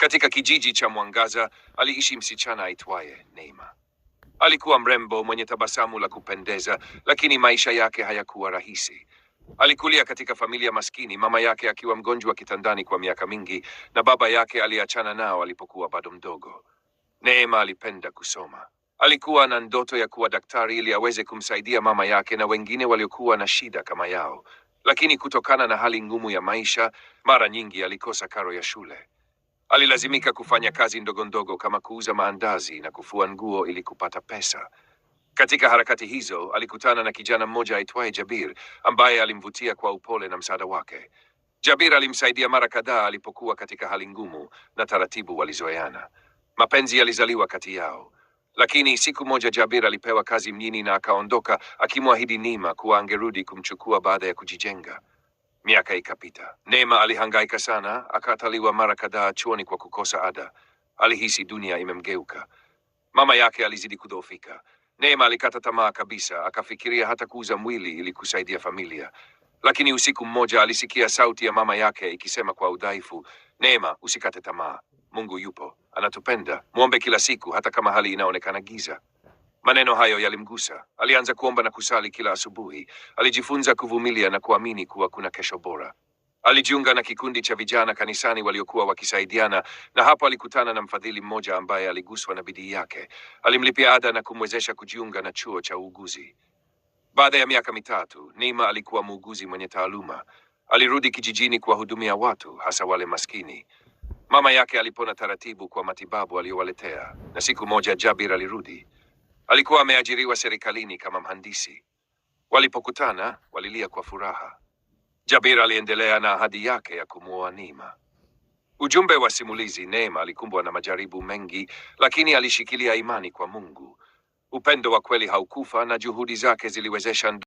Katika kijiji cha Mwangaza aliishi msichana aitwaye Neema. Alikuwa mrembo mwenye tabasamu la kupendeza, lakini maisha yake hayakuwa rahisi. Alikulia katika familia maskini, mama yake akiwa mgonjwa kitandani kwa miaka mingi, na baba yake aliachana nao alipokuwa bado mdogo. Neema alipenda kusoma. Alikuwa na ndoto ya kuwa daktari ili aweze kumsaidia mama yake na wengine waliokuwa na shida kama yao, lakini kutokana na hali ngumu ya maisha, mara nyingi alikosa karo ya shule. Alilazimika kufanya kazi ndogo ndogo kama kuuza maandazi na kufua nguo ili kupata pesa. Katika harakati hizo alikutana na kijana mmoja aitwaye Jabir ambaye alimvutia kwa upole na msaada wake. Jabir alimsaidia mara kadhaa alipokuwa katika hali ngumu na taratibu walizoeana. Mapenzi yalizaliwa kati yao. Lakini siku moja Jabir alipewa kazi mjini na akaondoka akimwahidi Nima kuwa angerudi kumchukua baada ya kujijenga. Miaka ikapita. Neema alihangaika sana, akataliwa mara kadhaa chuoni kwa kukosa ada. Alihisi dunia imemgeuka. Mama yake alizidi kudhoofika. Neema alikata tamaa kabisa, akafikiria hata kuuza mwili ili kusaidia familia. Lakini usiku mmoja alisikia sauti ya mama yake ikisema kwa udhaifu, Neema, usikate tamaa. Mungu yupo, anatupenda. Mwombe kila siku hata kama hali inaonekana giza. Maneno hayo yalimgusa. Alianza kuomba na kusali kila asubuhi. Alijifunza kuvumilia na kuamini kuwa kuna kesho bora. Alijiunga na kikundi cha vijana kanisani waliokuwa wakisaidiana, na hapo alikutana na mfadhili mmoja ambaye aliguswa na bidii yake. Alimlipia ada na kumwezesha kujiunga na chuo cha uuguzi. Baada ya miaka mitatu, Neema alikuwa muuguzi mwenye taaluma. Alirudi kijijini kuwahudumia watu, hasa wale maskini. Mama yake alipona taratibu kwa matibabu aliyowaletea, na siku moja Jabir alirudi. Alikuwa ameajiriwa serikalini kama mhandisi. Walipokutana walilia kwa furaha. Jabir aliendelea na ahadi yake ya kumwoa Nima. Ujumbe wa simulizi: Neema alikumbwa na majaribu mengi, lakini alishikilia imani kwa Mungu. Upendo wa kweli haukufa, na juhudi zake ziliwezesha